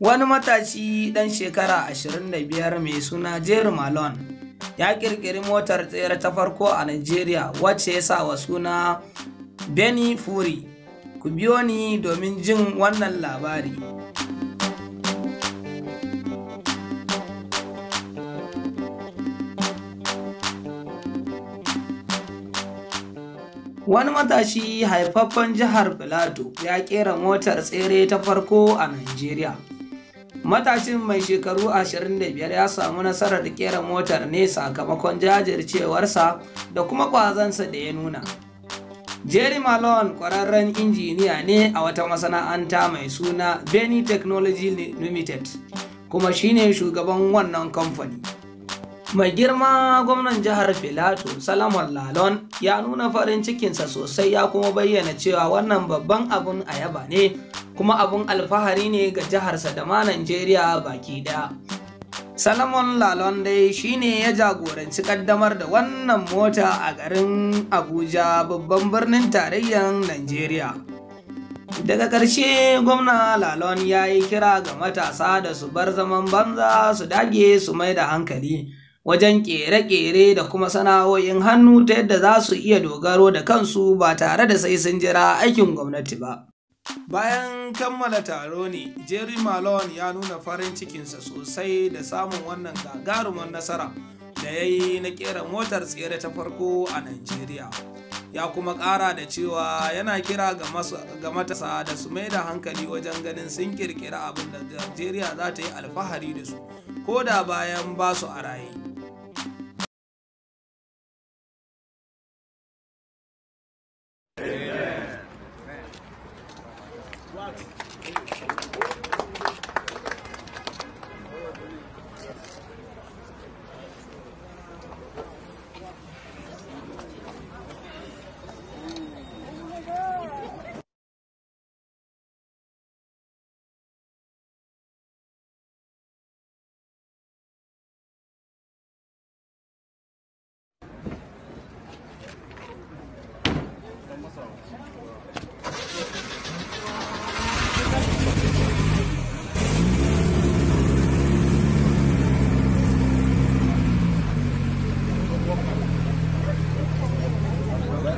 Wani matashi ɗan shekara 25 mai suna Jerry Malone ya ƙirƙiri motar tsere ta farko a Najeriya wacce ya sa wa suna Benny Fury. Ku biyo ni domin jin wannan labari. Wani matashi haifaffen jihar Filato ya ƙera motar tsere ta farko a Najeriya. matashin mai shekaru 25 ya samu nasarar kera motar ne sakamakon jajircewarsa da kuma kwazansa da ya nuna jerry malone kwararren injiniya ne a wata masana'anta mai suna benny technology limited kuma shine shugaban wannan kamfani Mai girma gwamnan jihar Filato Salomon Lalon ya nuna farin cikinsa sosai ya kuma bayyana cewa wannan babban abun yaba ne kuma abun alfahari ne ga jiharsa da ma Najeriya baki daya. Salomon Lalon dai shine ya jagoranci kaddamar da wannan mota a garin Abuja babban birnin tarayyar Najeriya. daga ƙarshe gwamna lalon ya yi kira ga matasa da su bar zaman banza su dage su mai da hankali wajen ƙere-ƙere da kuma sana'o'in hannu ta yadda za su iya dogaro da kansu ba tare da sai sun jira aikin gwamnati ba. Bayan kammala taro ne, Jerry Malone ya nuna farin cikinsa sosai da samun wannan gagarumar nasara da ya yi na ƙera motar tsere ta farko a Najeriya. Ya kuma ƙara da cewa yana kira ga matasa da su mai da hankali wajen ganin sun ƙirƙira abin da Najeriya za ta yi alfahari da su, ko da bayan ba su a raye.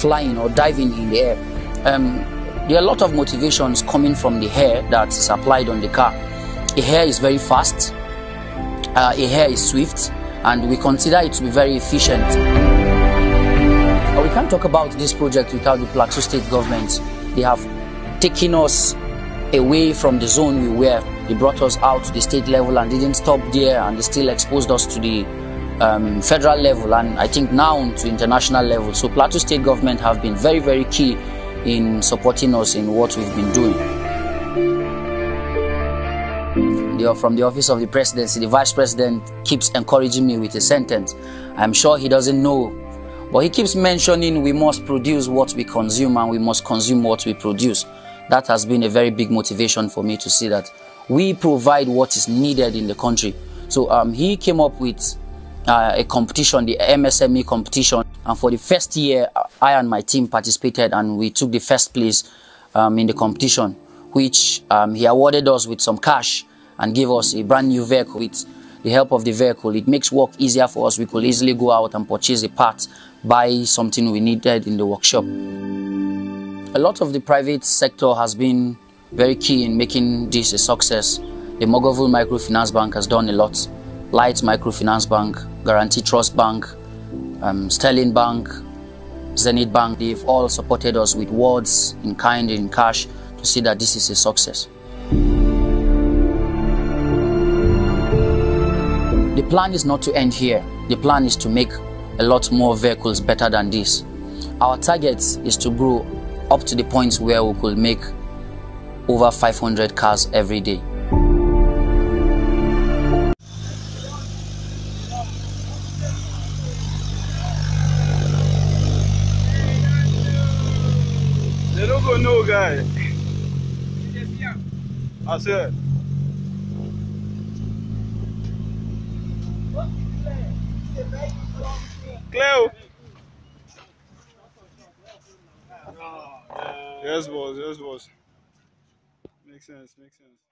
flying or diving in the air. Um, there are a lot of motivations coming from the hair that is applied on the car. The hair is very fast, uh, hair is swift, and we consider it to be very efficient. But we can't talk about this project without the Plateau State government. They have taken us away from the zone we were. They brought us out to the state level and didn't stop there, and they still exposed us to the um, federal level and I think now to international level. So Plateau State government have been very, very key in supporting us in what we've been doing. from the office of the presidency, the vice president keeps encouraging me with a sentence. I'm sure he doesn't know, but he keeps mentioning we must produce what we consume and we must consume what we produce. That has been a very big motivation for me to see that we provide what is needed in the country. So um, he came up with uh, a competition, the MSME competition. And for the first year, I and my team participated and we took the first place um, in the competition, which um, he awarded us with some cash and gave us a brand new vehicle with the help of the vehicle. It makes work easier for us. We could easily go out and purchase a part, buy something we needed in the workshop. A lot of the private sector has been very key in making this a success. The Mogovul Microfinance Bank has done a lot. Light Microfinance Bank Guarantee Trust Bank, um, Sterling Bank, Zenit Bank, they've all supported us with words in kind, in cash, to see that this is a success. The plan is not to end here. The plan is to make a lot more vehicles better than this. Our target is to grow up to the point where we could make over 500 cars every day. don't know, guy. I said. Cleo. Yes, boss. Yes, boss. Makes sense. Makes sense.